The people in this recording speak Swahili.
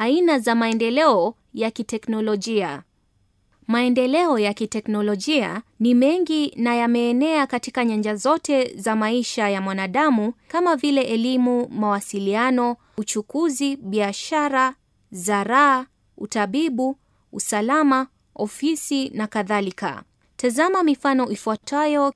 Aina za maendeleo ya kiteknolojia. Maendeleo ya kiteknolojia ni mengi na yameenea katika nyanja zote za maisha ya mwanadamu kama vile elimu, mawasiliano, uchukuzi, biashara, zaraa, utabibu, usalama, ofisi na kadhalika. Tazama mifano ifuatayo.